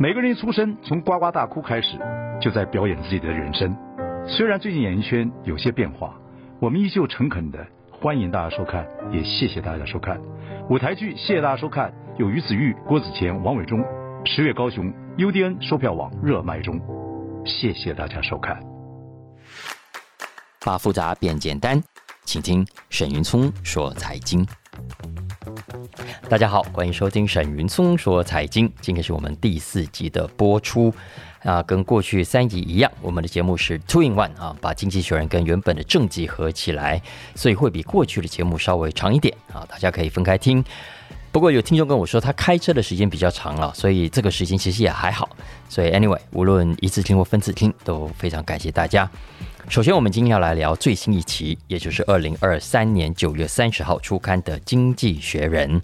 每個人一出生，從呱呱大哭開始，就在表演自己的人生。雖然最近演藝圈有些變化，我們依舊誠懇的歡迎大家收看，也謝謝大家收看舞台劇。謝謝大家收看，有於子育、郭子乾、王偉忠，十月高雄 UDN 售票網熱賣中。謝謝大家收看。把複雜變簡單，請聽沈雲驄說財經。大家好，歡迎收聽沈雲松說財經。今天是我們第四集的播出，啊，跟過去三集一樣，我們的節目是2 in 1啊，把經濟學人跟原本的正集合起來，所以會比過去的節目稍微長一點啊，大家可以分開聽。不過有聽眾跟我說，他開車的時間比較長了，所以這個時間其實也還好。所以 anyway，無論一次聽或分次聽，都非常感謝大家。首先，我們今天要來聊最新一期，也就是二零二三年九月三十號出刊的《經濟學人》。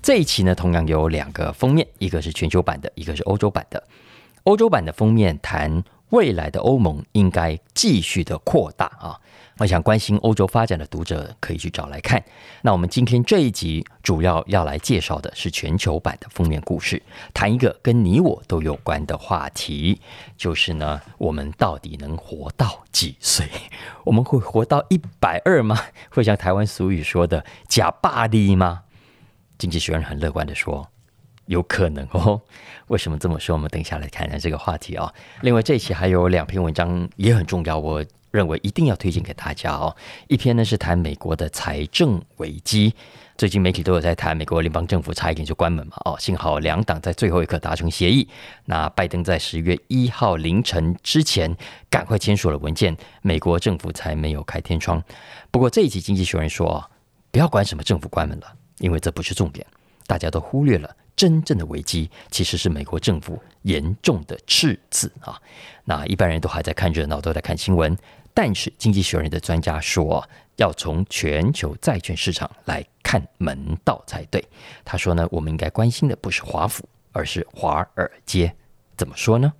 這一期呢，同樣有兩個封面，一個是全球版的，一個是歐洲版的。歐洲版的封面談未來的歐盟應該繼續的擴大啊。我想關心歐洲發展的讀者可以去找來看。那我們今天這一集主要要來介紹的是全球版的封面故事，談一個跟你我都有關的話題，就是呢，我們到底能活到幾歲？我們會活到一百二嗎？會像台灣俗語說的“呷百二”嗎？經濟學人很樂觀地說，有可能哦。為什麼這麼說？我們等一下來看一下這個話題啊、哦。另外，這一期還有兩篇文章也很重要，我。認為一定要推薦給大家哦。一篇呢是談美國的財政危機，最近媒體都有在談美國聯邦政府差一點就關門嘛。哦，幸好兩黨在最後一刻達成協議，那拜登在十月一號凌晨之前趕快簽署了文件，美國政府才沒有開天窗。不過這一期《經濟學人》說哦，不要管什麼政府關門了，因為這不是重點，大家都忽略了。真正的危機其實是美國政府嚴重的赤字啊！那一般人都還在看熱鬧，都在看新聞，但是經濟學人的專家說，要從全球債券市場來看門道才對。他說呢，我們應該關心的不是華府，而是華爾街。怎麼說呢？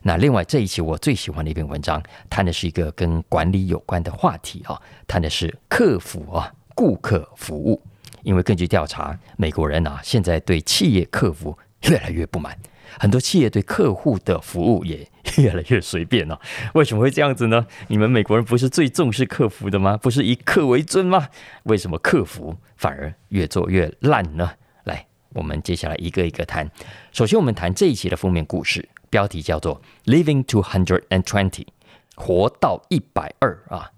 那另外這一期我最喜歡的一篇文章，談的是一個跟管理有關的話題啊，談的是客服啊，顧客服務。因為根據調查，美國人啊現在對企業客服越來越不滿，很多企業對客戶的服務也越來越隨便了、啊。為什麼會這樣子呢？你們美國人不是最重視客服的嗎？不是以客為尊嗎？為什麼客服反而越做越爛呢？來，我們接下來一個一個談。首先，我們談這一期的封面故事，標題叫做 “Living to 120”，活到一百二啊。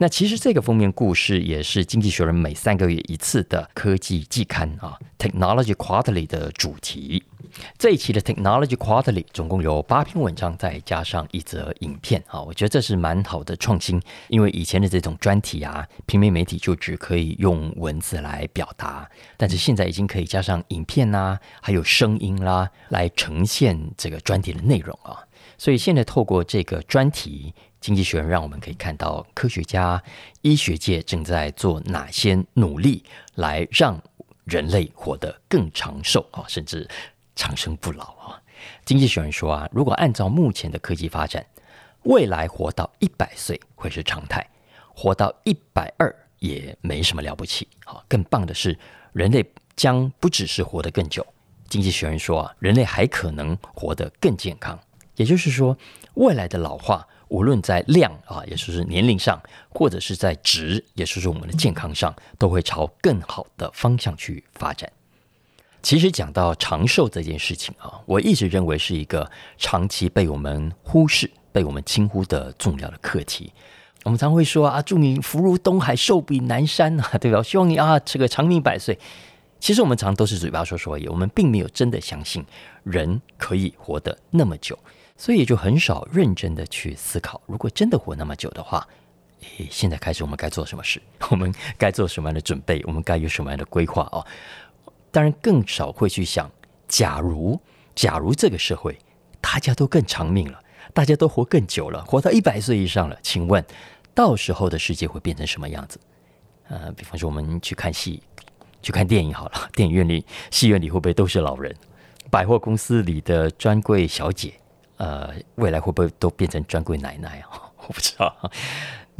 那其實這個封面故事也是《經濟學人》每三個月一次的科技季刊啊，《Technology Quarterly》的主題。這一期的《Technology Quarterly》總共有八篇文章，再加上一則影片啊，我覺得這是蠻好的創新。因為以前的這種專題啊，平面媒體就只可以用文字來表達，但是現在已經可以加上影片啦、啊，還有聲音啦，來呈現這個專題的內容啊。所以現在透過這個專題，經濟學人讓我們可以看到科學家、醫學界正在做哪些努力，來讓人類活得更長壽啊，甚至長生不老啊。經濟學人說啊，如果按照目前的科技發展，未來活到一百歲會是常態，活到一百二也沒什麼了不起啊。更棒的是，人類將不只是活得更久，經濟學人說啊，人類還可能活得更健康。也就是說，未來的老化，無論在量啊，也就是年齡上，或者是在質，也就是我們的健康上，都會朝更好的方向去發展。其實講到長壽這件事情啊，我一直認為是一個長期被我們忽視、被我們輕忽的重要的課題。我們常會說啊，祝你福如東海，壽比南山啊，對吧？希望你啊，這個長命百歲。其實我們常都是嘴巴說說而已，我們並沒有真的相信人可以活得那麼久。所以也就很少認真的去思考，如果真的活那麼久的話，誒，現在開始我們該做什麼事？我們該做什麼樣的準備？我們該有什麼樣的規劃？哦，當然更少會去想，假如假如這個社會大家都更長命了，大家都活更久了，活到一百歲以上了，請問到時候的世界會變成什麼樣子？呃，比方說我們去看戲、去看電影好了，電影院裡、戲院裡會不會都是老人？百貨公司裡的專櫃小姐？呃，未來會不會都變成專櫃奶奶哦、啊，我不知道，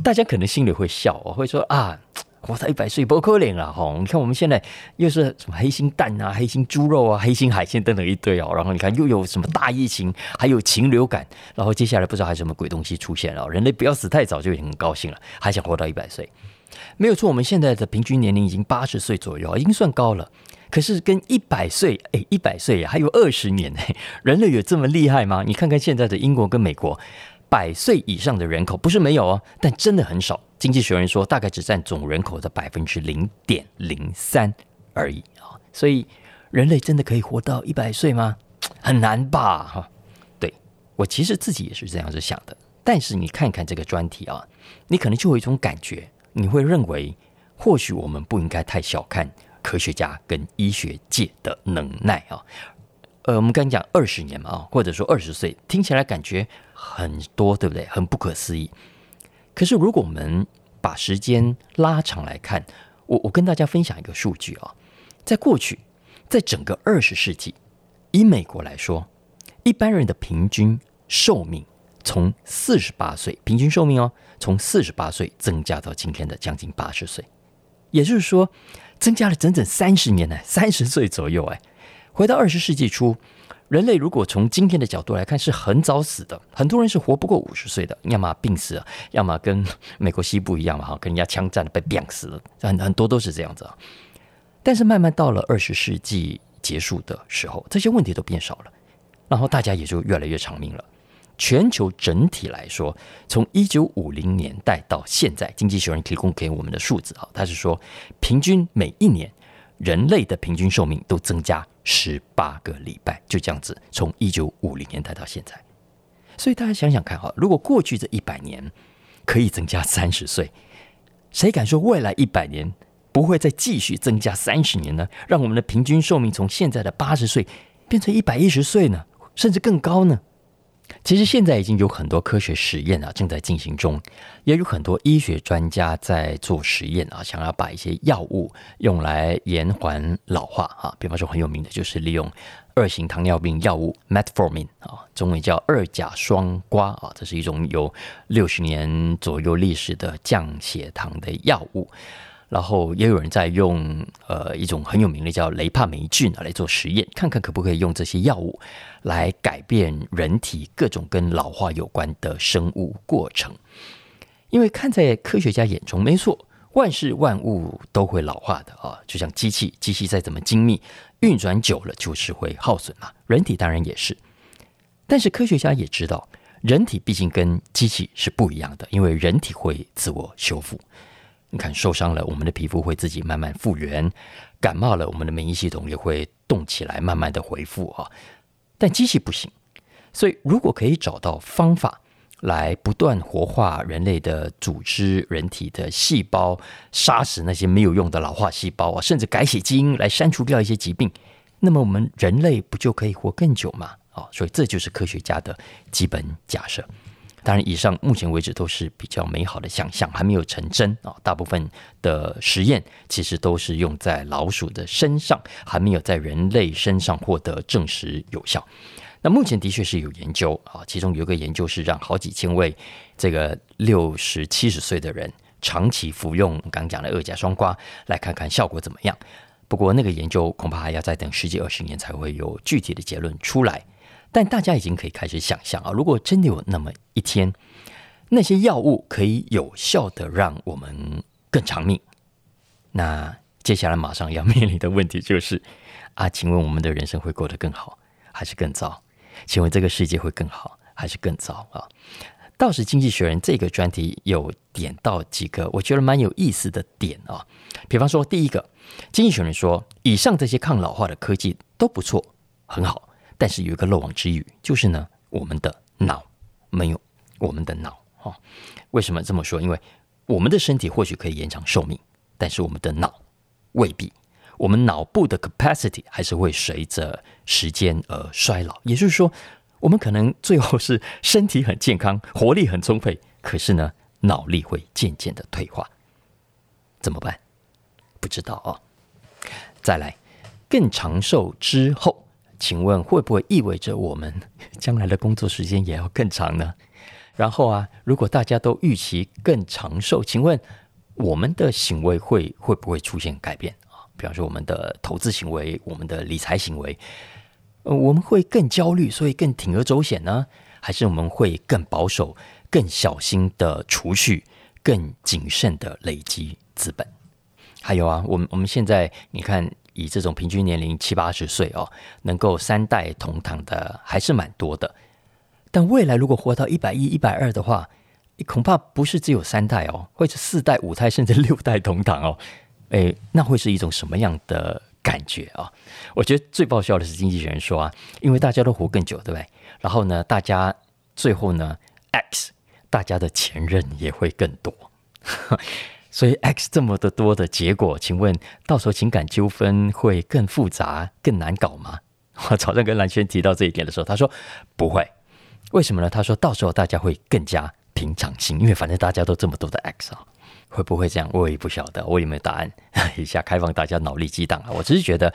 大家可能心裡會笑，哦，會說啊，活到一百歲不可憐了哈！你看我們現在又是什麼黑心蛋啊、黑心豬肉啊、黑心海鮮等等一堆哦，然後你看又有什麼大疫情，還有禽流感，然後接下來不知道還有什麼鬼東西出現了，人類不要死太早就已經很高興了，還想活到一百歲？沒有錯，我們現在的平均年齡已經八十歲左右，已經算高了。可是，跟一百歲，哎，一百歲呀、啊，還有二十年誒，人類有這麼厲害嗎？你看看現在的英國跟美國，百歲以上的人口不是沒有哦，但真的很少。經濟學人說，大概只占總人口的百分之零點零三而已啊。所以，人類真的可以活到一百歲嗎？很難吧，哈。對我其實自己也是這樣子想的。但是你看看這個專題啊，你可能就有一種感覺，你會認為，或許我們不應該太小看。科學家跟醫學界的能耐啊、哦，呃，我們剛才講二十年嘛啊，或者說二十歲，聽起來感覺很多，對不對？很不可思議。可是如果我們把時間拉長來看，我我跟大家分享一個數據啊、哦，在過去，在整個二十世紀，以美國來說，一般人的平均壽命從四十八歲，平均壽命哦，從四十八歲增加到今天的將近八十歲，也就是說。增加了整整三十年呢，三十歲左右哎。回到二十世紀初，人類如果從今天的角度來看，是很早死的，很多人是活不過五十歲的，要麼病死，要麼跟美國西部一樣嘛，哈，跟人家槍戰被斃死了，很很多都是這樣子啊。但是慢慢到了二十世紀結束的時候，這些問題都變少了，然後大家也就越來越長命了。全球整體來說，從一九五零年代到現在，經濟學人提供給我們的數字啊，他是說，平均每一年人類的平均壽命都增加十八個禮拜，就這樣子，從一九五零年代到現在。所以大家想想看，哈，如果過去這一百年可以增加三十歲，誰敢說未來一百年不會再繼續增加三十年呢？讓我們的平均壽命從現在的八十歲變成一百一十歲呢，甚至更高呢？其實現在已經有很多科學實驗啊正在進行中，也有很多醫學專家在做實驗啊，想要把一些藥物用來延緩老化啊。比方說很有名的就是利用二型糖尿病藥物 Metformin 啊，中文叫二甲雙胍啊，這是一種有六十年左右歷史的降血糖的藥物。然後也有人在用呃一種很有名的叫雷帕霉菌啊，來做實驗，看看可不可以用這些藥物來改變人體各種跟老化有關的生物過程。因為看在科學家眼中，沒錯，萬事萬物都會老化的啊，就像機器，機器再怎麼精密，運轉久了就是會耗損嘛。人體當然也是。但是科學家也知道，人體畢竟跟機器是不一樣的，因為人體會自我修復。你看，受傷了，我們的皮膚會自己慢慢復原；感冒了，我們的免疫系統也會動起來，慢慢的恢復啊。但機器不行，所以如果可以找到方法來不斷活化人類的組織、人體的細胞，殺死那些沒有用的老化細胞啊，甚至改寫基因來刪除掉一些疾病，那麼我們人類不就可以活更久嗎？啊，所以這就是科學家的基本假設。當然，以上目前為止都是比較美好的想象，還沒有成真啊。大部分的實驗其實都是用在老鼠的身上，還沒有在人類身上獲得證實有效。那目前的確是有研究啊，其中有一個研究是讓好幾千位這個六十七十歲的人長期服用剛剛講的二甲雙胍，來看看效果怎麼樣。不過那個研究恐怕還要再等十幾二十年才會有具體的結論出來。但大家已經可以開始想象啊，如果真的有那麼一天，那些藥物可以有效的讓我們更長命，那接下來馬上要面臨的問題就是啊，請問我們的人生會過得更好還是更糟？請問這個世界會更好還是更糟啊？倒是《經濟學人》這個專題有點到幾個我覺得蠻有意思的點啊、哦，比方說第一個，《經濟學人》說以上這些抗老化的科技都不錯，很好。但是有一個漏網之魚，就是呢，我們的腦沒有我們的腦哈。為什麼這麼說？因為我們的身體或許可以延長壽命，但是我們的腦未必。我們腦部的 capacity 還是會隨着時間而衰老。也就是說，我們可能最後是身體很健康，活力很充沛，可是呢，腦力會漸漸的退化。怎麼辦？不知道啊、哦。再來，更長壽之後。請問會不會意味着我們將來的工作時間也要更長呢？然後啊，如果大家都預期更長壽，請問我們的行為會會不會出現改變啊？比方說，我們的投資行為、我們的理財行為，呃，我們會更焦慮，所以更鋌而走險呢？還是我們會更保守、更小心的儲蓄、更謹慎的累積資本？還有啊，我們我們現在你看。以這種平均年齡七八十歲哦，能夠三代同堂的還是蠻多的。但未來如果活到一百一、一百二的話，恐怕不是只有三代哦，或者四代、五代甚至六代同堂哦。誒，那會是一種什麼樣的感覺啊、哦？我覺得最爆笑的是經濟學人說啊，因為大家都活更久，對不對？然後呢，大家最後呢，X 大家的前任也會更多。 所以 X 這麼的多的結果，請問到時候情感糾紛會更複雜、更難搞嗎？我早上跟藍軒提到這一點的時候，他說不會。為什麼呢？他說到時候大家會更加平常心，因為反正大家都這麼多的 X 啊，會不會這樣？我也不曉得，我也沒有答案。 以下開放大家腦力激盪啊！我只是覺得，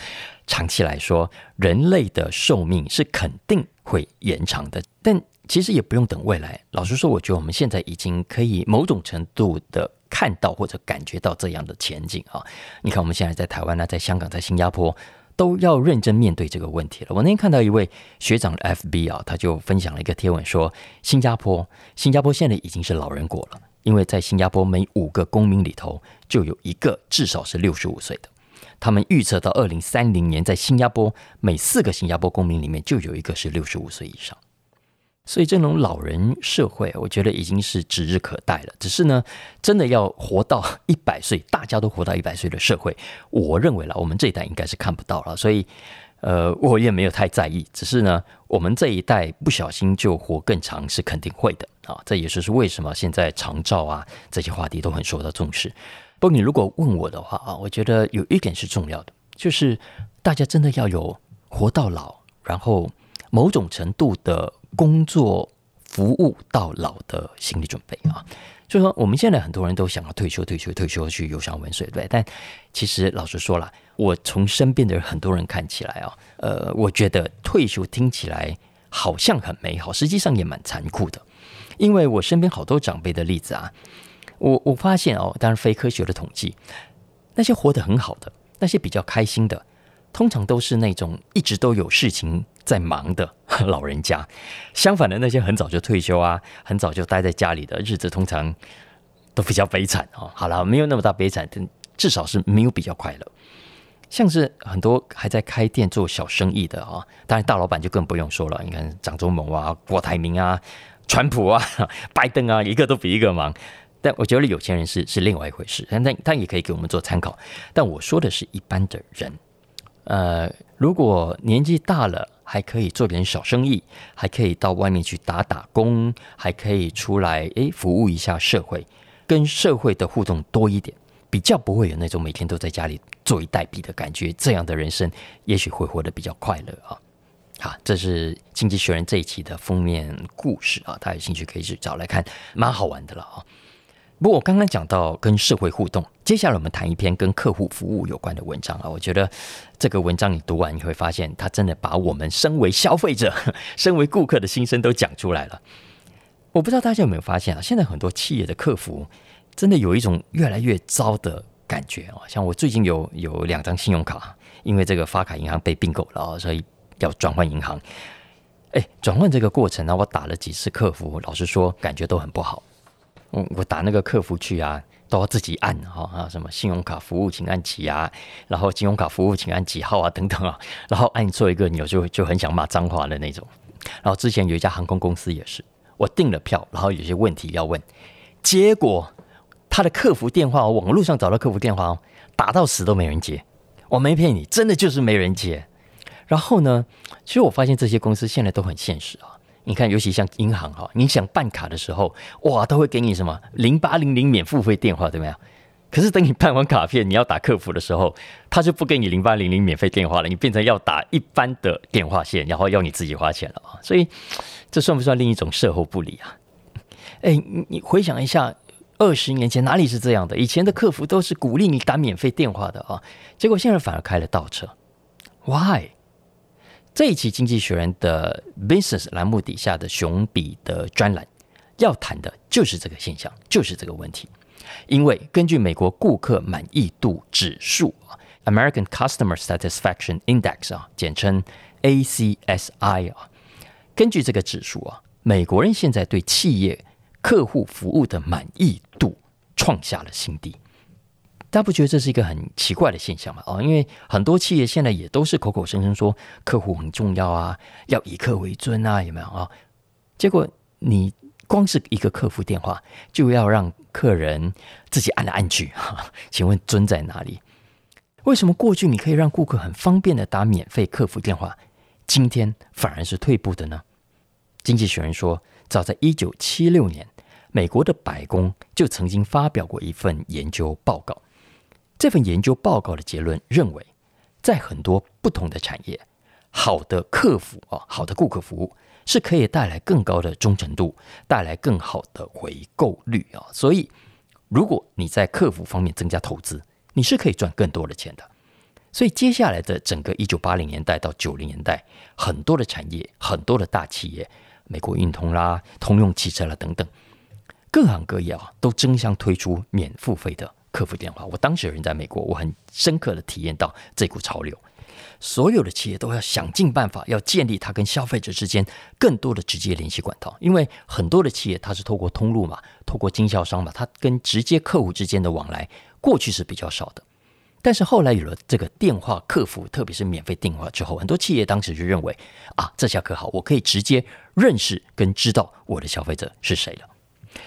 長期來說，人類的壽命是肯定會延長的。但其實也不用等未來。老實說，我覺得我們現在已經可以某種程度的。看到或者感覺到這樣的前景啊！你看，我們現在在台灣、啊、呢在香港、在新加坡，都要認真面對這個問題了。我那天看到一位學長的 FB 啊，他就分享了一個貼文，說新加坡，新加坡現在已經是老人國了，因為在新加坡每五個公民裡頭就有一個至少是六十五歲的。他們預測到二零三零年，在新加坡每四個新加坡公民裡面就有一個是六十五歲以上。所以這種老人社會，我覺得已經是指日可待了。只是呢，真的要活到一百歲，大家都活到一百歲的社會，我認為了我們這一代應該是看不到了。所以，呃，我也沒有太在意。只是呢，我們這一代不小心就活更長是肯定會的啊。這也是是為什麼現在長照啊這些話題都很受到重視。不過你如果問我的話啊，我覺得有一點是重要的，就是大家真的要有活到老，然後某種程度的。工作服務到老的心理準備啊，所以說我們現在很多人都想要退休，退休，退休去遊山玩水，對，但其實老實說了，我從身邊的很多人看起來啊，呃，我覺得退休聽起來好像很美好，實際上也蠻殘酷的。因為我身邊好多長輩的例子啊，我我發現哦，當然非科學的統計，那些活得很好的，那些比較開心的，通常都是那種一直都有事情，在忙的老人家，相反的，那些很早就退休啊，很早就待在家裡的日子，通常都比較悲慘啊。好了，沒有那麼大悲慘，但至少是沒有比較快樂。像是很多還在開店做小生意的啊，當然大老闆就更不用說了。你看，張忠謀啊，郭台銘啊，川普啊，拜登啊，一個都比一個忙。但我覺得有錢人是是另外一回事，但但他也可以給我們做參考。但我說的是一般的人，呃，如果年紀大了，還可以做點小生意，還可以到外面去打打工，還可以出來誒服務一下社會，跟社會的互動多一點，比較不會有那種每天都在家裡坐以待斃的感覺。這樣的人生，也許會活得比較快樂啊！好，啊，這是《經濟學人》這一期的封面故事啊，大家有興趣可以去找來看，蠻好玩的了啊。不過我剛剛講到跟社會互動，接下來我們談一篇跟客戶服務有關的文章啊。我覺得這個文章你讀完，你會發現它真的把我們身為消費者、身為顧客的心聲都講出來了。我不知道大家有沒有發現啊，現在很多企業的客服真的有一種越來越糟的感覺啊。像我最近有有兩張信用卡，因為這個發卡銀行被併購了，然後所以要轉換銀行。哎，轉換這個過程呢，我打了幾次客服，老實說，感覺都很不好。我我打那個客服去啊，都要自己按哈啊，什麼信用卡服務請按幾啊，然後金融卡服務請按幾號啊等等啊，然後按錯一個鈕就就很想罵髒話的那種。然後之前有一家航空公司也是，我訂了票，然後有些問題要問，結果他的客服電話，我網絡上找到客服電話，打到死都沒人接。我沒騙你，真的就是沒人接。然後呢，其實我發現這些公司現在都很現實啊。你看，尤其像銀行哈、哦，你想辦卡的時候，哇，都會給你什麼零八零零免付費電話，對沒有？可是等你辦完卡片，你要打客服的時候，他就不給你零八零零免費電話了，你變成要打一般的電話線，然後要你自己花錢了啊、哦！所以這算不算另一種售後不理啊？欸，你回想一下，二十年前哪裡是這樣的？以前的客服都是鼓勵你打免費電話的啊、哦，結果現在反而開了倒車，Why？這一期《經濟學人》的 Business 欄目底下的熊比的專欄，要談的就是這個現象，就是這個問題。因為根據美國顧客滿意度指數 a m e r i c a n Customer Satisfaction Index 啊，簡稱 ACSI 啊），根據這個指數啊，美國人現在對企業客戶服務的滿意度創下了新低。大家不覺得這是一個很奇怪的現象嗎？哦，因為很多企業現在也都是口口聲聲說客戶很重要啊，要以客為尊啊，有沒有啊？哦，結果你光是一個客服電話，就要讓客人自己按來按去，哈，請問尊在哪裡？為什麼過去你可以讓顧客很方便的打免費客服電話，今天反而是退步的呢？經濟學人說，早在一九七六年，美國的白宮就曾經發表過一份研究報告。這份研究報告的結論認為，在很多不同的產業，好的客服啊，好的顧客服務是可以帶來更高的忠誠度，帶來更好的回購率啊。所以，如果你在客服方面增加投資，你是可以賺更多的錢的。所以，接下來的整個一九八零年代到九零年代，很多的產業，很多的大企業，美國運通啦、通用汽車啦等等，各行各業啊，都爭相推出免付費的客服電話，我當時有人在美國，我很深刻的體驗到這股潮流。所有的企業都要想盡辦法，要建立他跟消費者之間更多的直接聯繫管道。因為很多的企業它是透過通路嘛，透過經銷商嘛，它跟直接客戶之間的往來過去是比較少的。但是後來有了這個電話客服，特別是免費電話之後，很多企業當時就認為啊，這下可好，我可以直接認識跟知道我的消費者是誰了。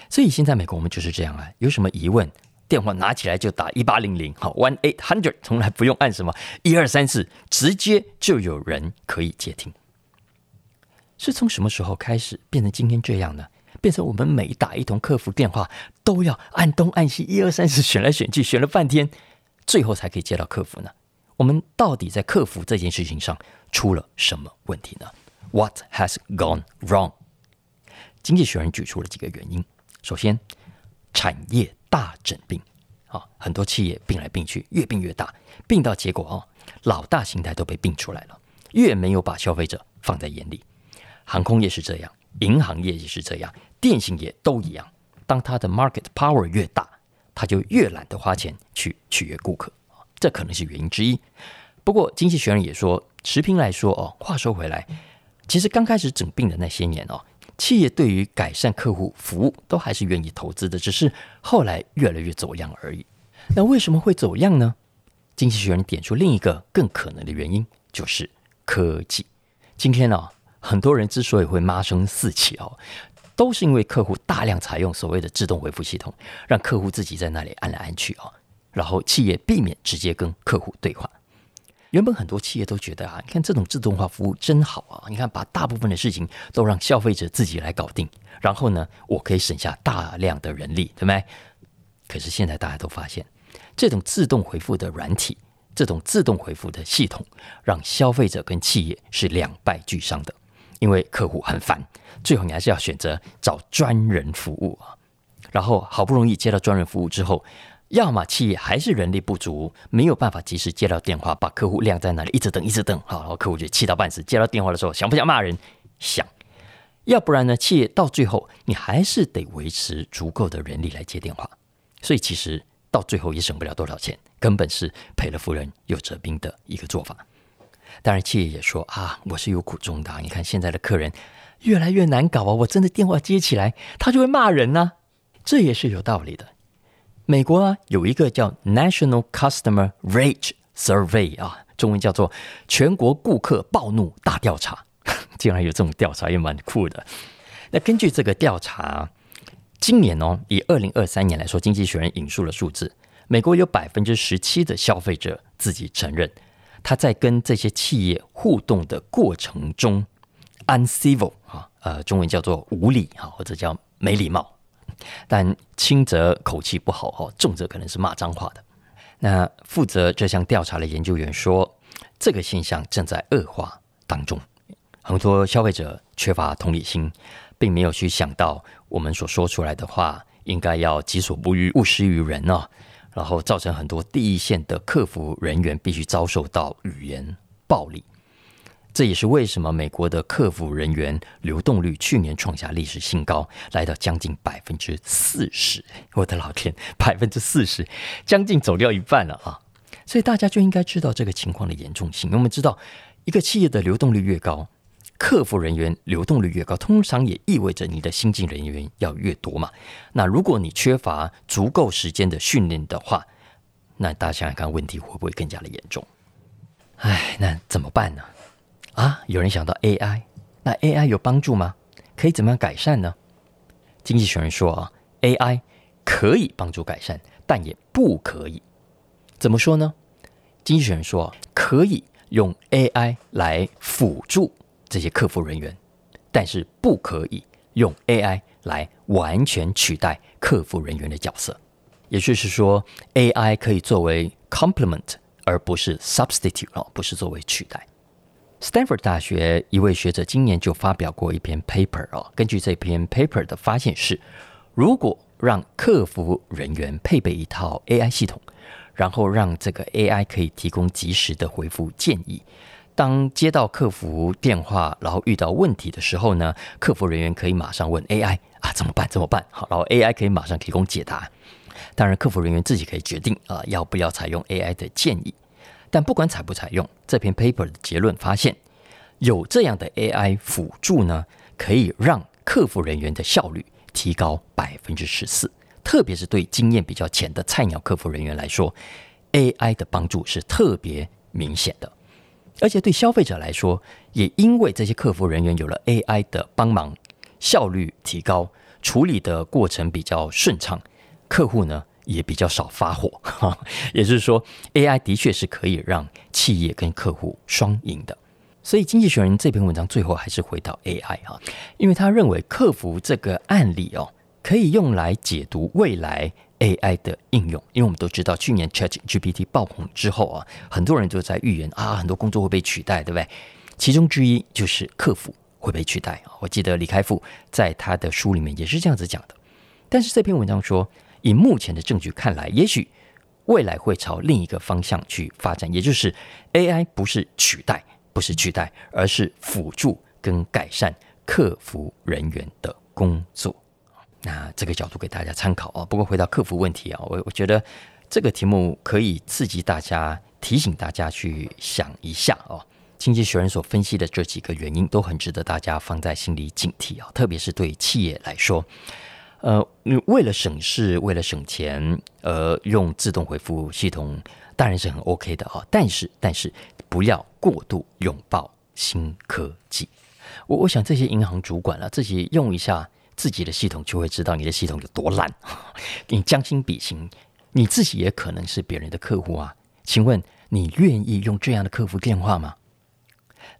所以現在美國我們就是這樣啊，有什麼疑問？電話拿起來就打一八零零，好，one eight hundred，從來不用按什麼一二三四，4, 直接就有人可以接聽。是從什麼時候開始變成今天這樣呢？變成我們每打一通客服電話都要按東按西一二三四選來選去，選了半天，最後才可以接到客服呢？我們到底在客服這件事情上出了什麼問題呢？What has gone wrong？經濟學人舉出了幾個原因，首先產業。大整併，啊、哦，很多企業併來併去，越併越大，併到結果哦，老大心態都被併出來了，越沒有把消費者放在眼裡。航空業是這樣，銀行業也是這樣，電信業都一樣。當它的 market power 越大，它就越懶得花錢去取悅顧客，哦，這可能是原因之一。不過，經濟學人也說，持平來說哦，話說回來，其實剛開始整併的那些年哦。企業對於改善客戶服務都還是願意投資的，只是後來越來越走樣而已。那為什麼會走樣呢？經濟學人點出另一個更可能的原因，就是科技。今天呢、哦，很多人之所以會罵聲四起哦，都是因為客戶大量採用所謂的自動回復系統，讓客戶自己在那裡按來按去哦，然後企業避免直接跟客戶對話。原本很多企業都覺得啊，你看這種自動化服務真好啊！你看把大部分的事情都讓消費者自己來搞定，然後呢，我可以省下大量的人力，對不對？可是現在大家都發現，這種自動回覆的軟體，這種自動回覆的系統，讓消費者跟企業是兩敗俱傷的，因為客戶很煩，最後你還是要選擇找專人服務啊。然後好不容易接到專人服務之後。要麼企業還是人力不足，沒有辦法及時接到電話，把客戶晾在那裡，一直等，一直等，好，然後客戶就氣到半死。接到電話的時候，想不想罵人？想。要不然呢？企業到最後，你還是得維持足夠的人力來接電話，所以其實到最後也省不了多少錢，根本是賠了夫人又折兵的一個做法。當然，企業也說啊，我是有苦衷的啊。你看現在的客人越來越難搞啊，我真的電話接起來，他就會罵人吶啊，這也是有道理的。美國啊，有一個叫 National Customer Rage Survey 啊，中文叫做“全國顧客暴怒大調查”， 竟然有這種調查，也蠻酷的。那根據這個調查，今年哦，以二零二三年來說，經濟學人引述了數字，美國有百分之十七的消費者自己承認，他在跟這些企業互動的過程中，uncivil 啊，呃，中文叫做無禮啊，或者叫沒禮貌。但輕則口氣不好，重則可能是罵髒話的。那負責這項調查的研究員說，這個現象正在惡化當中。很多消費者缺乏同理心，並沒有去想到我們所說出來的話應該要己所不欲，勿施於人哦。然後造成很多第一線的客服人員必須遭受到語言暴力。這也是為什麼美國的客服人員流動率去年創下歷史新高，來到將近百分之四十。我的老天，百分之四十，將近走掉一半了啊！所以大家就應該知道這個情況的嚴重性。我們知道，一個企業的流動率越高，客服人員流動率越高，通常也意味着你的新進人員要越多嘛。那如果你缺乏足夠時間的訓練的話，那大家想想看問題會不會更加的嚴重？唉，那怎麼辦呢？啊，有人想到 AI，那 AI 有幫助嗎？可以怎麼樣改善呢？經濟學人說啊，AI 可以幫助改善，但也不可以。怎麼說呢？經濟學人說可以用 AI 來輔助這些客服人員，但是不可以用 AI 來完全取代客服人員的角色。也就是說，AI 可以作為 complement，而不是 substitute 哦，不是作為取代。Stanford 大學一位學者今年就發表過一篇 paper 哦，根據這篇 paper 的發現是，如果讓客服人員配備一套 AI 系統，然後讓這個 AI 可以提供及時的回復建議，當接到客服電話，然後遇到問題的時候呢，客服人員可以馬上問 AI 啊，怎麼辦怎麼辦好，然後 AI 可以馬上提供解答。當然，客服人員自己可以決定啊、呃、要不要採用 AI 的建議。但不管採不採用，這篇 paper 的結論發現，有這樣的 AI 輔助呢，可以讓客服人員的效率提高百分之十四，特別是對經驗比較淺的菜鳥客服人員來說，AI 的幫助是特別明顯的。而且對消費者來說，也因為這些客服人員有了 AI 的幫忙，效率提高，處理的過程比較順暢，客戶呢，也比較少發火哈，也就是說，AI 的確是可以讓企業跟客戶雙贏的。所以，《經濟學人》這篇文章最後還是回到 AI 哈，因為他認為客服這個案例哦，可以用來解讀未來 AI 的應用。因為我們都知道，去年 ChatGPT 爆紅之後啊，很多人都在預言啊，很多工作會被取代，對不對？其中之一就是客服會被取代。我記得李開復在他的書裡面也是這樣子講的。但是這篇文章說，以目前的證據看來，也許未來會朝另一個方向去發展，也就是 AI 不是取代，不是取代，而是輔助跟改善客服人員的工作。那這個角度給大家參考哦。不過回到客服問題啊，哦，我我覺得這個題目可以刺激大家，提醒大家去想一下哦。經濟學人所分析的這幾個原因都很值得大家放在心裡警惕啊，特別是對企業來說。呃，你為了省事，為了省錢，呃，用自動回復系統當然是很 OK 的哈。但是，但是不要過度擁抱新科技。我我想這些銀行主管了，啊，自己用一下自己的系統，就會知道你的系統有多爛。 你將心比心，你自己也可能是別人的客戶啊。請問你願意用這樣的客服電話嗎？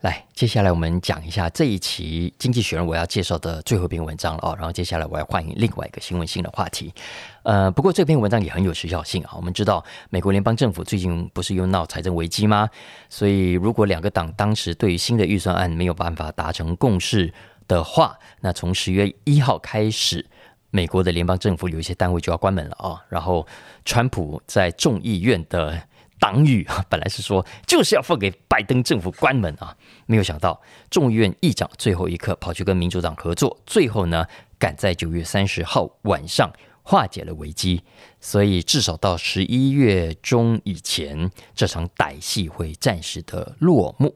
來，接下來我們講一下這一期《經濟學人》我要介紹的最後一篇文章了哦，然後接下來我要換另外一個新聞性的話題。呃，不過這篇文章也很有時效性啊。我們知道，美國聯邦政府最近不是又鬧財政危機嗎？所以，如果兩個黨當時對於新的預算案沒有辦法達成共識的話，那從十月一號開始，美國的聯邦政府有一些單位就要關門了啊。然後，川普在眾議院的黨羽啊，本來是說就是要放給拜登政府關門啊，沒有想到眾議院議長最後一刻跑去跟民主黨合作，最後呢趕在九月三十號晚上化解了危機，所以至少到十一月中以前，這場歹戲會暫時的落幕。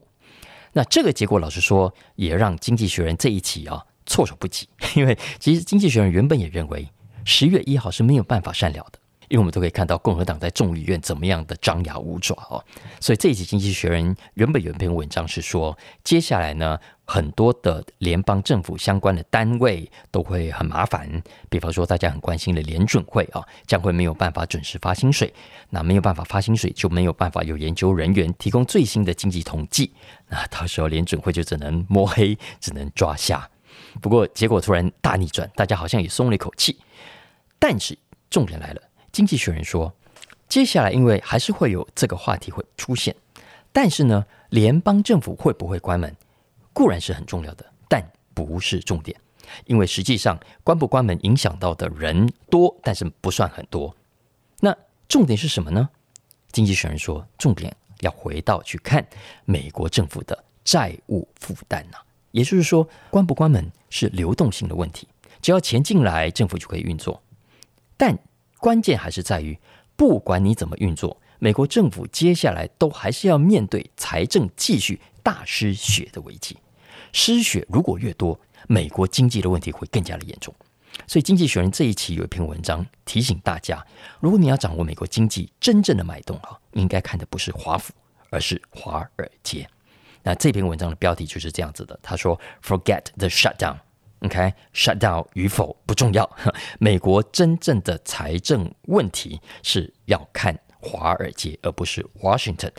那這個結果，老實說，也讓《經濟學人》這一期啊措手不及，因為其實《經濟學人》原本也認為十月一號是沒有辦法善了的。因為我們都可以看到共和黨在眾議院怎麼樣的張牙舞爪哦，所以這一集《經濟學人》原本有一篇文章是說，接下來呢，很多的聯邦政府相關的單位都會很麻煩，比方說大家很關心的聯準會啊、哦，將會沒有辦法準時發薪水，那沒有辦法發薪水，就沒有辦法有研究人員提供最新的經濟統計，那到時候聯準會就只能摸黑，只能抓瞎。不過結果突然大逆轉，大家好像也鬆了一口氣，但是重點來了。經濟學人說，接下來因為還是會有這個話題會出現，但是呢，聯邦政府會不會關門，固然是很重要的，但不是重點，因為實際上關不關門影響到的人多，但是不算很多。那重點是什麼呢？經濟學人說，重點要回到去看美國政府的債務負擔吶。也就是說，關不關門是流動性的問題，只要錢進來，政府就可以運作，但。關鍵還是在於，不管你怎麼運作，美國政府接下來都還是要面對財政繼續大失血的危機。失血如果越多，美國經濟的問題會更加的嚴重。所以，《經濟學人》這一期有一篇文章提醒大家，如果你要掌握美國經濟真正的脈動，哈，應該看的不是華府，而是華爾街。那這篇文章的標題就是這樣子的，他說：“Forget the shutdown”。OK，shut down 與否不重要。美國真正的財政問題是要看華爾街，而不是 Washington。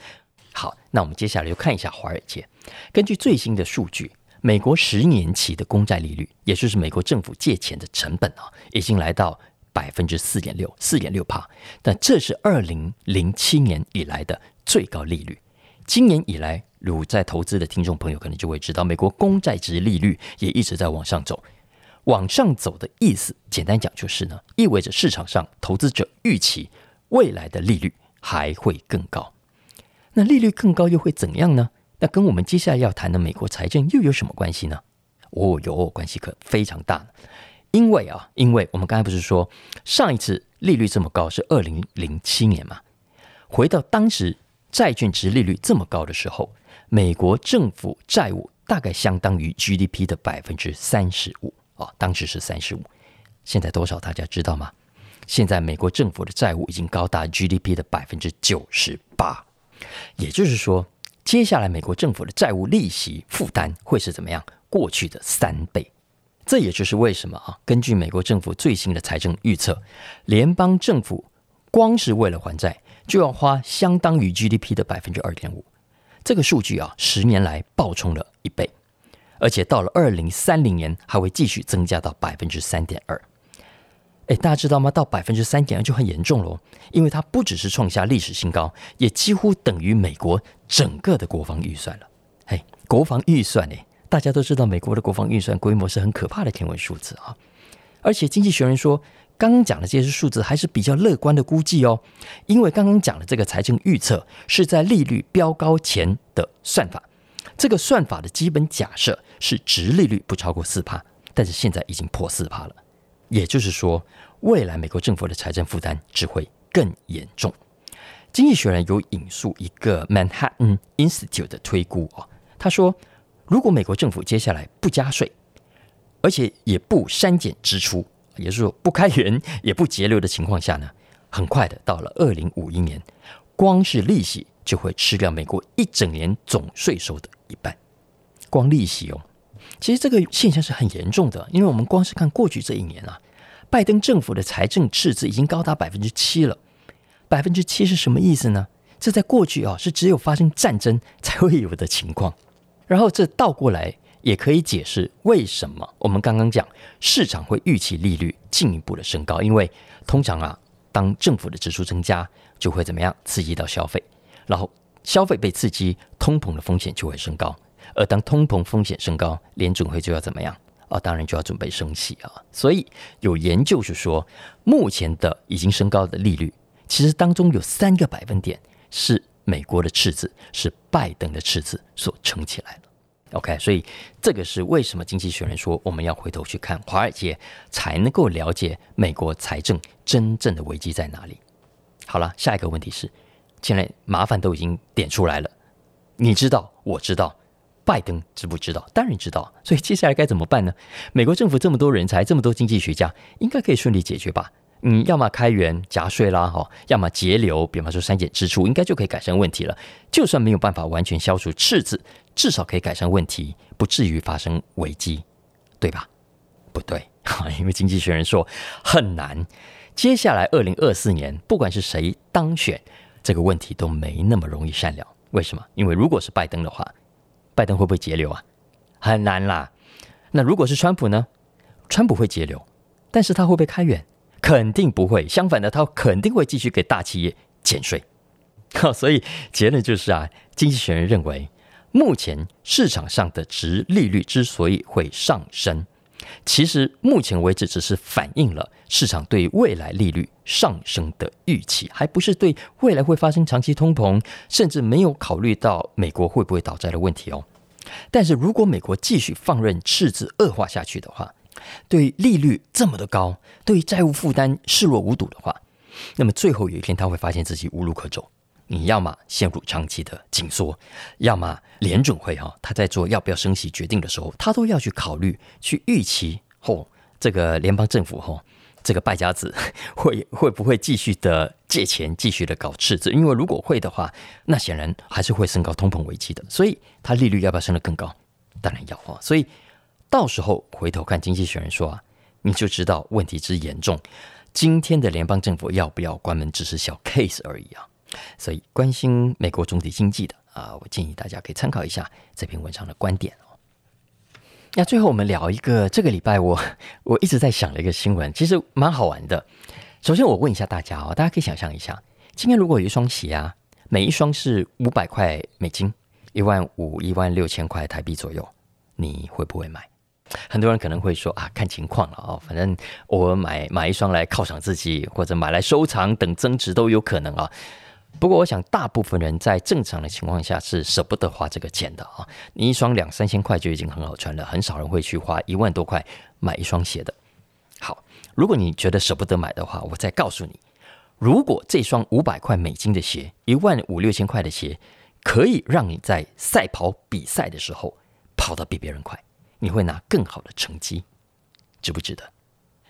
好，那我們接下來就看一下華爾街。根據最新的數據，美國十年期的公債利率，也就是美國政府借錢的成本啊，已經來到百分之四點六，四點六趴。但這是二零零七年以來的最高利率。今年以來。如在投資的聽眾朋友可能就會知道，美國公債殖利率也一直在往上走。往上走的意思，簡單講就是呢，意味着市場上投資者預期未來的利率還會更高。那利率更高又會怎樣呢？那跟我們接下來要談的美國財政又有什麼關係呢？哦喲，關係可非常大。因為啊，因為我們剛才不是說上一次利率這麼高是二零零七年嘛？回到當時債券殖利率這麼高的時候。美國政府債務大概相當於 GDP 的百分之三十五啊，當時是三十五，現在多少大家知道嗎？現在美國政府的債務已經高達 GDP 的百分之九十八，也就是說，接下來美國政府的債務利息負擔會是怎麼樣？過去的三倍。這也就是為什麼啊，根據美國政府最新的財政預測，聯邦政府光是為了還債就要花相當於 GDP 的百分之二點五。這個數據啊，十年來暴衝了一倍，而且到了二零三零年還會繼續增加到百分之三點二。誒，大家知道嗎？到百分之三點二就很嚴重了，因為它不只是創下歷史新高，也幾乎等於美國整個的國防預算了。哎，國防預算呢，大家都知道美國的國防預算規模是很可怕的天文數字啊！而且《經濟學人》說。剛剛講的這些數字還是比較樂觀的估計哦，因為剛剛講的這個財政預測是在利率飆高前的算法，這個算法的基本假設是殖利率不超過四趴，但是現在已經破四趴了，也就是說，未來美國政府的財政負擔只會更嚴重。經濟學人有引述一個 Manhattan Institute 的推估哦，他說，如果美國政府接下來不加稅，而且也不刪減支出。也就是說，不開源也不節流的情況下呢，很快的到了二零五一年，光是利息就會吃掉美國一整年總稅收的一半。光利息哦，其實這個現象是很嚴重的，因為我們光是看過去這一年啊，拜登政府的財政赤字已經高達百分之七了。百分之七是什麼意思呢？這在過去啊、哦、是只有發生戰爭才會有的情況，然後這倒過來。也可以解釋為什麼我們剛剛講市場會預期利率進一步的升高，因為通常啊，當政府的支出增加，就會怎麼樣刺激到消費，然後消費被刺激，通膨的風險就會升高。而當通膨風險升高，聯準會就要怎麼樣啊？當然就要準備升息啊。所以有研究是說，目前的已經升高的利率，其實當中有三個百分點是美國的赤字，是拜登的赤字所撐起來的。OK，所以這個是為什麼經濟學人說我們要回頭去看華爾街，才能夠了解美國財政真正的危機在哪裡。好了，下一個問題是，既然麻煩都已經點出來了，你知道，我知道，拜登知不知道？當然知道。所以接下來該怎麼辦呢？美國政府這麼多人才，這麼多經濟學家，應該可以順利解決吧？你、嗯、要麼開源加稅啦，哈、哦，要麼節流，比方說刪減支出，應該就可以改善問題了。就算沒有辦法完全消除赤字，至少可以改善問題，不至於發生危機，對吧？不對，哈，因為經濟學人說很難。接下來二零二四年，不管是誰當選，這個問題都沒那麼容易善了。為什麼？因為如果是拜登的話，拜登會不會節流啊？很難啦。那如果是川普呢？川普會節流，但是他會不會開源？肯定不會，相反的，他肯定會繼續給大企業減稅。好、哦，所以結論就是啊，經濟學人認為，目前市場上的殖利率之所以會上升，其實目前為止只是反映了市場對未來利率上升的預期，還不是對未來會發生長期通膨，甚至沒有考慮到美國會不會倒債的問題哦。但是如果美國繼續放任赤字惡化下去的話，對利率這麼的高，對於債務負擔視若無睹的話，那麼最後有一天他會發現自己無路可走。你要麼陷入長期的緊縮，要麼聯準會哈，他在做要不要升息決定的時候，他都要去考慮去預期吼、哦、這個聯邦政府哈、哦、這個敗家子會會不會繼續的借錢，繼續的搞赤字。因為如果會的話，那顯然還是會升高通膨危機的。所以，他利率要不要升得更高？當然要啊。所以。到時候回頭看，經濟學人說啊，你就知道問題之嚴重。今天的聯邦政府要不要關門只是小 case 而已啊。所以關心美國總體經濟的啊，我建議大家可以參考一下這篇文章的觀點哦。那、啊、最後我們聊一個，這個禮拜我我一直在想的一個新聞，其實蠻好玩的。首先我問一下大家哦，大家可以想象一下，今天如果有一雙鞋啊，每一雙是五百塊美金，一萬五、一萬六千塊台幣左右，你會不會買？很多人可能會說啊，看情況了啊、哦，反正偶爾買買一雙來犒賞自己，或者買來收藏等增值都有可能啊、哦。不過，我想大部分人在正常的情況下是捨不得花這個錢的啊、哦。你一雙兩三千塊就已經很好穿了，很少人會去花一萬多塊買一雙鞋的。好，如果你覺得捨不得買的話，我再告訴你，如果這雙五百塊美金的鞋，一萬五六千塊的鞋，可以讓你在賽跑比賽的時候跑得比別人快，你會拿更好的成績，值不值得？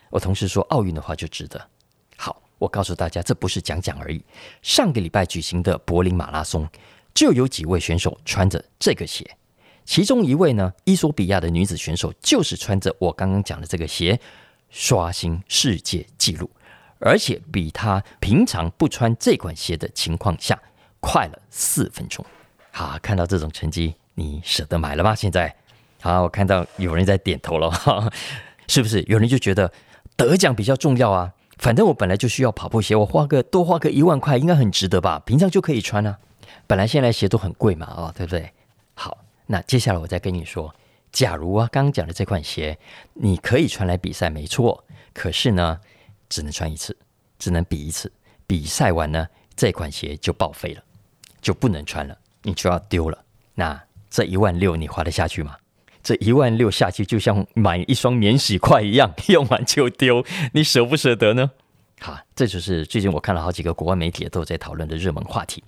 我同事說奧運的話就值得。好，我告訴大家，這不是講講而已。上個禮拜舉行的柏林馬拉松，就有幾位選手穿着這個鞋，其中一位呢，伊索比亞的女子選手就是穿着我剛剛講的這個鞋刷新世界紀錄，而且比她平常不穿這款鞋的情況下快了四分鐘。好，看到這種成績，你舍得買了嗎？現在？好，我看到有人在點頭了， 是不是？有人就覺得得獎比較重要啊。反正我本來就需要跑步鞋，我花個多花個一萬塊應該很值得吧？平常就可以穿啊。本來現在來鞋都很貴嘛，哦，對不對？好，那接下來我再跟你說，假如啊，剛剛講的這款鞋你可以穿來比賽，沒錯。可是呢，只能穿一次，只能比一次。比賽完呢，這款鞋就報廢了，就不能穿了，你就要丟了。那這一萬六你花得下去嗎？1 這一萬六下去，就像買一雙免洗筷一樣，用完就丟，你捨不捨得呢？哈，這就是最近我看了好幾個國外媒體都在討論的熱門話題。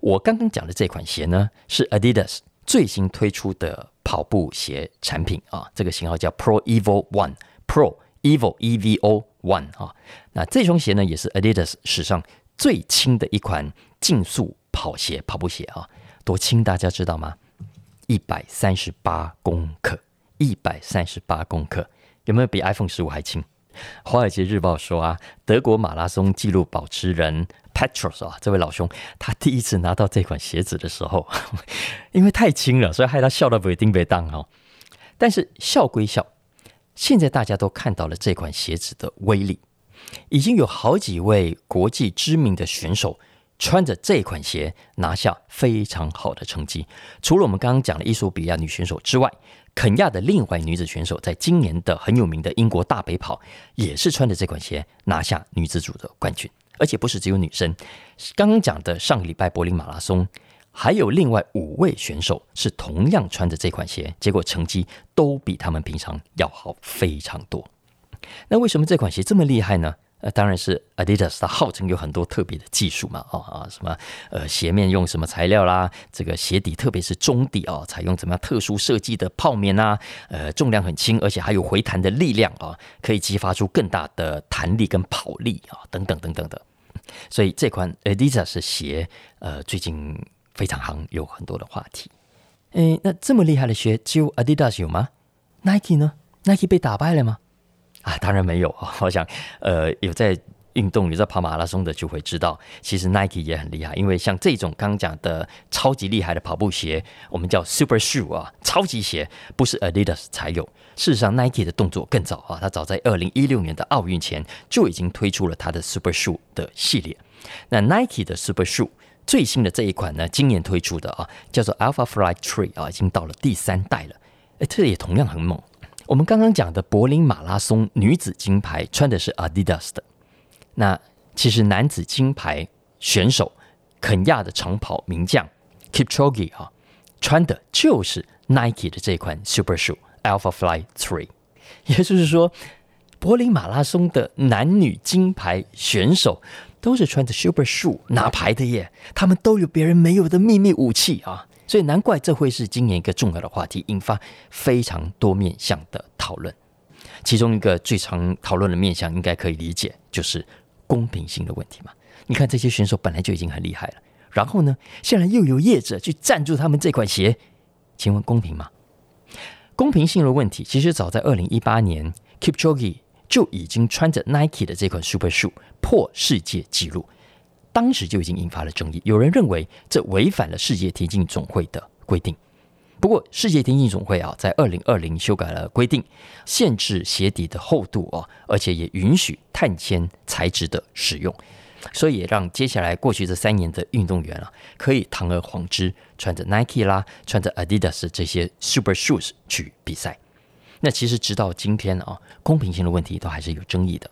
我剛剛講的這款鞋呢，是 Adidas 最新推出的跑步鞋產品啊，這個型號叫 Pro Evo One Pro Evo Evo One 啊。那這雙鞋呢，也是 Adidas 史上最輕的一款競速跑鞋、跑步鞋啊，多輕，大家知道嗎？一百三十八公克，一百三十八公克，有沒有比 iPhone 十五還輕？《華爾街日報》說啊，德國馬拉松紀錄保持人 Petros 啊，這位老兄，他第一次拿到這款鞋子的時候，因為太輕了，所以害他笑得不會停不當哦。但是笑歸笑，現在大家都看到了這款鞋子的威力，已經有好幾位國際知名的選手。穿着這款鞋拿下非常好的成績。除了我們剛剛講的衣索比亞女選手之外，肯亞的另外女子選手在今年的很有名的英國大北跑，也是穿着這款鞋拿下女子組的冠軍。而且不是只有女生，剛剛講的上個禮拜柏林馬拉松，還有另外五位選手是同樣穿着這款鞋，結果成績都比他們平常要好非常多。那為什麼這款鞋這麼厲害呢？那當然是 Adidas，它號稱有很多特別的技術嘛，哦啊，什麼呃鞋面用什麼材料啦，這個鞋底特別是中底啊、哦，採用怎麼樣特殊設計的泡棉啊，呃重量很輕，而且還有回彈的力量啊、哦，可以激發出更大的彈力跟跑力啊、哦，等等等等的。所以這款 Adidas 的鞋，呃，最近非常夯，有很多的話題。誒，那這麼厲害的鞋，只有 Adidas 有嗎？Nike 呢？Nike 被打敗了嗎？啊，當然沒有。我想，呃，有在運動、有在跑馬拉松的就會知道，其實 Nike 也很厲害。因為像這種剛剛講的超級厲害的跑步鞋，我們叫 Super Shoe 啊，超級鞋，不是 Adidas 才有。事實上，Nike 的動作更早啊，它早在二零一六年的奧運前就已經推出了它的 Super Shoe 的系列。那 Nike 的 Super Shoe 最新的這一款呢，今年推出的啊，叫做 Alphafly Three 啊，已經到了第三代了。誒、欸，這也同樣很猛。我們剛剛講的柏林馬拉松女子金牌穿的是 Adidas 的，那其實男子金牌選手肯亞的長跑名將 Kipchoge 啊，穿的就是 Nike 的這款 Super Shoe Alpha Fly Three。也就是說，柏林馬拉松的男女金牌選手都是穿的 Super Shoe 拿牌的耶，他們都有別人沒有的秘密武器啊。所以難怪這會是今年一個重要的話題，引發非常多面向的討論。其中一個最常討論的面向，應該可以理解就是公平性的問題嘛。你看這些選手本來就已經很厲害了，然後呢，現在又有業者去贊助他們這款鞋，請問公平嗎？公平性的問題，其實早在二零一八年，Kipchoge 就已經穿着 Nike 的這款 Super Shoe 破世界紀錄。當時就已經引發了爭議，有人認為這違反了世界田徑總會的規定。不過，世界田徑總會啊，在二零二零修改了規定，限制鞋底的厚度哦、啊，而且也允許碳纖材質，質的使用，所以也讓接下來過去這三年的運動員啊，可以堂而皇之穿着 Nike 啦、穿着 Adidas 這些 Super Shoes 去比賽。那其實直到今天啊，公平性的問題都還是有爭議的。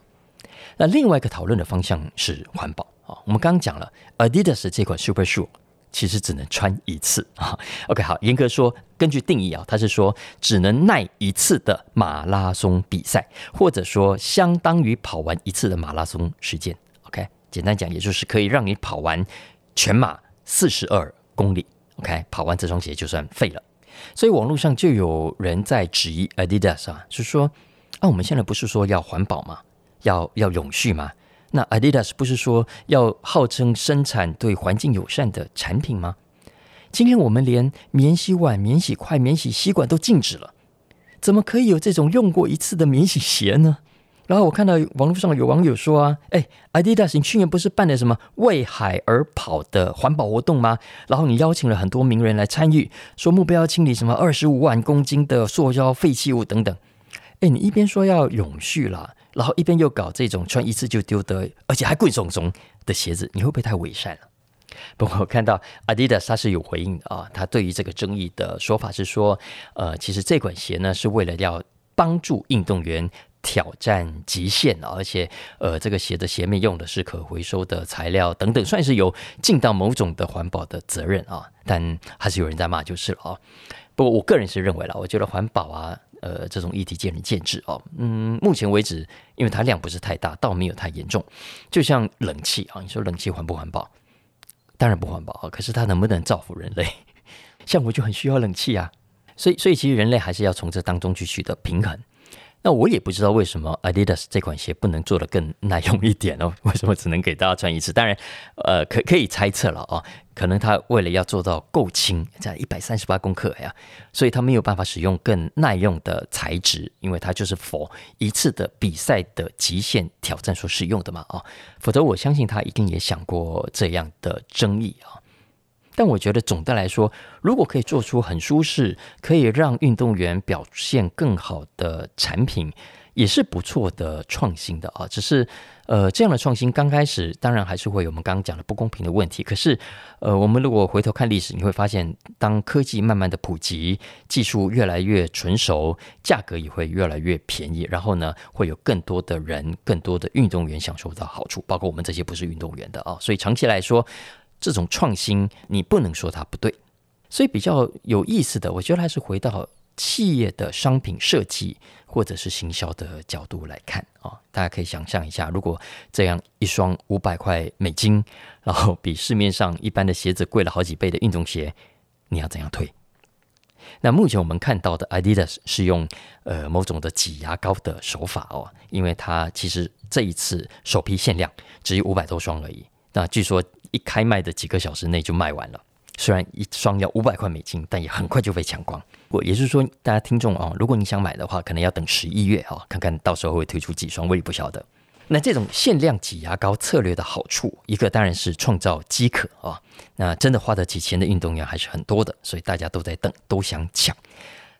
那另外一個討論的方向是環保啊，我們剛剛講了，Adidas 這款 Super Shoe 其實只能穿一次啊。OK，好，嚴格說，根據定義啊，它是說只能耐一次的馬拉松比賽，或者說相當於跑完一次的馬拉松時間。OK，簡單講，也就是可以讓你跑完全馬四十二公里。OK，跑完這雙鞋就算廢了。所以網絡上就有人在質疑 Adidas 啊，是說啊，我們現在不是說要環保嗎？要要永續嗎？那 Adidas 不是說要號稱生產對環境友善的產品嗎？今天我們連免洗碗、免洗筷、免洗吸管都禁止了，怎麼可以有這種用過一次的免洗鞋呢？然後我看到網絡上有網友說啊，誒，哎，Adidas，你去年不是辦了什麼為海而跑的環保活動嗎？然後你邀請了很多名人來參與，說目標要清理什麼二十五萬公斤的塑膠廢棄物等等。誒，哎，你一邊說要永續啦。然後一邊又搞這種穿一次就丟的，而且還貴重重的鞋子，你會不會太偽善了啊？不過我看到 Adidas 是有回應的啊，他對於這個爭議的說法是說，呃，其實這款鞋呢是為了要幫助運動員挑戰極限，而且呃，這個鞋的鞋面用的是可回收的材料等等，算是有盡到某種的環保的責任啊。但還是有人在罵就是了啊。不過我個人是認為啦，我覺得環保啊。呃，這種議題見仁見智哦。嗯，目前為止，因為它量不是太大，倒沒有太嚴重。就像冷氣啊、哦，你說冷氣環不環保？當然不環保啊、哦，可是它能不能造福人類？ 像我就很需要冷氣啊，所以所以其實人類還是要從這當中去取得平衡。那我也不知道為什麼 Adidas 這款鞋不能做得更耐用一點哦？為什麼只能給大家穿一次？當然，呃，可以可以猜測了啊、哦，可能他為了要做到夠輕，在一百三十八公克、哎、呀，所以他沒有辦法使用更耐用的材質，因為它就是否 for 一次的比賽的極限挑戰所使用的嘛啊、哦，否則我相信他一定也想過這樣的爭議啊、哦。但我覺得總的來說，如果可以做出很舒適、可以讓運動員表現更好的產品，也是不錯的創新的啊、哦。只是，呃，這樣的創新剛開始，當然還是會有我們剛剛講的不公平的問題。可是，呃，我們如果回頭看歷史，你會發現，當科技慢慢的普及，技術越來越純熟，價格也會越來越便宜，然後呢，會有更多的人、更多的運動員享受到好處，包括我們這些不是運動員的啊、哦。所以長期來說，這種創新，你不能說它不對。所以比較有意思的，我覺得還是回到企業的商品設計或者是行銷的角度來看啊、哦。大家可以想象一下，如果這樣一雙五百塊美金，然後比市面上一般的鞋子貴了好幾倍的運動鞋，你要怎樣推？那目前我們看到的，Adidas 是用呃某種的擠牙膏的手法哦，因為它其實這一次首批限量只有五百多雙而已。那據說，一開賣的幾個小時內就賣完了，雖然一雙要五百塊美金，但也很快就被搶光。我也是說，大家聽眾啊、哦，如果你想買的話，可能要等十一月啊，看看到時候會推出幾雙，我也不曉得。那這種限量擠牙膏策略的好處，一個當然是創造飢渴啊、哦，那真的花得起錢的運動員還是很多的，所以大家都在等，都想搶。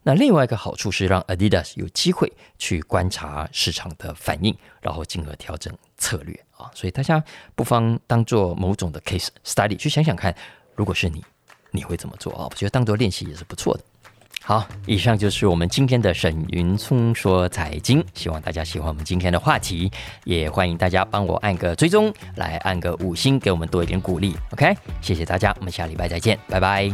那另外一個好處是讓 Adidas 有機會去觀察市場的反應，然後進而調整策略啊，所以大家不妨當做某種的 case study 去想想看，如果是你，你會怎麼做啊？我覺得當做練習也是不錯的。好，以上就是我們今天的沈雲驄說財經，希望大家喜歡我們今天的話題，也歡迎大家幫我按個追蹤，來按個五星給我們多一點鼓勵。OK，謝謝大家，我們下禮拜再見，拜拜。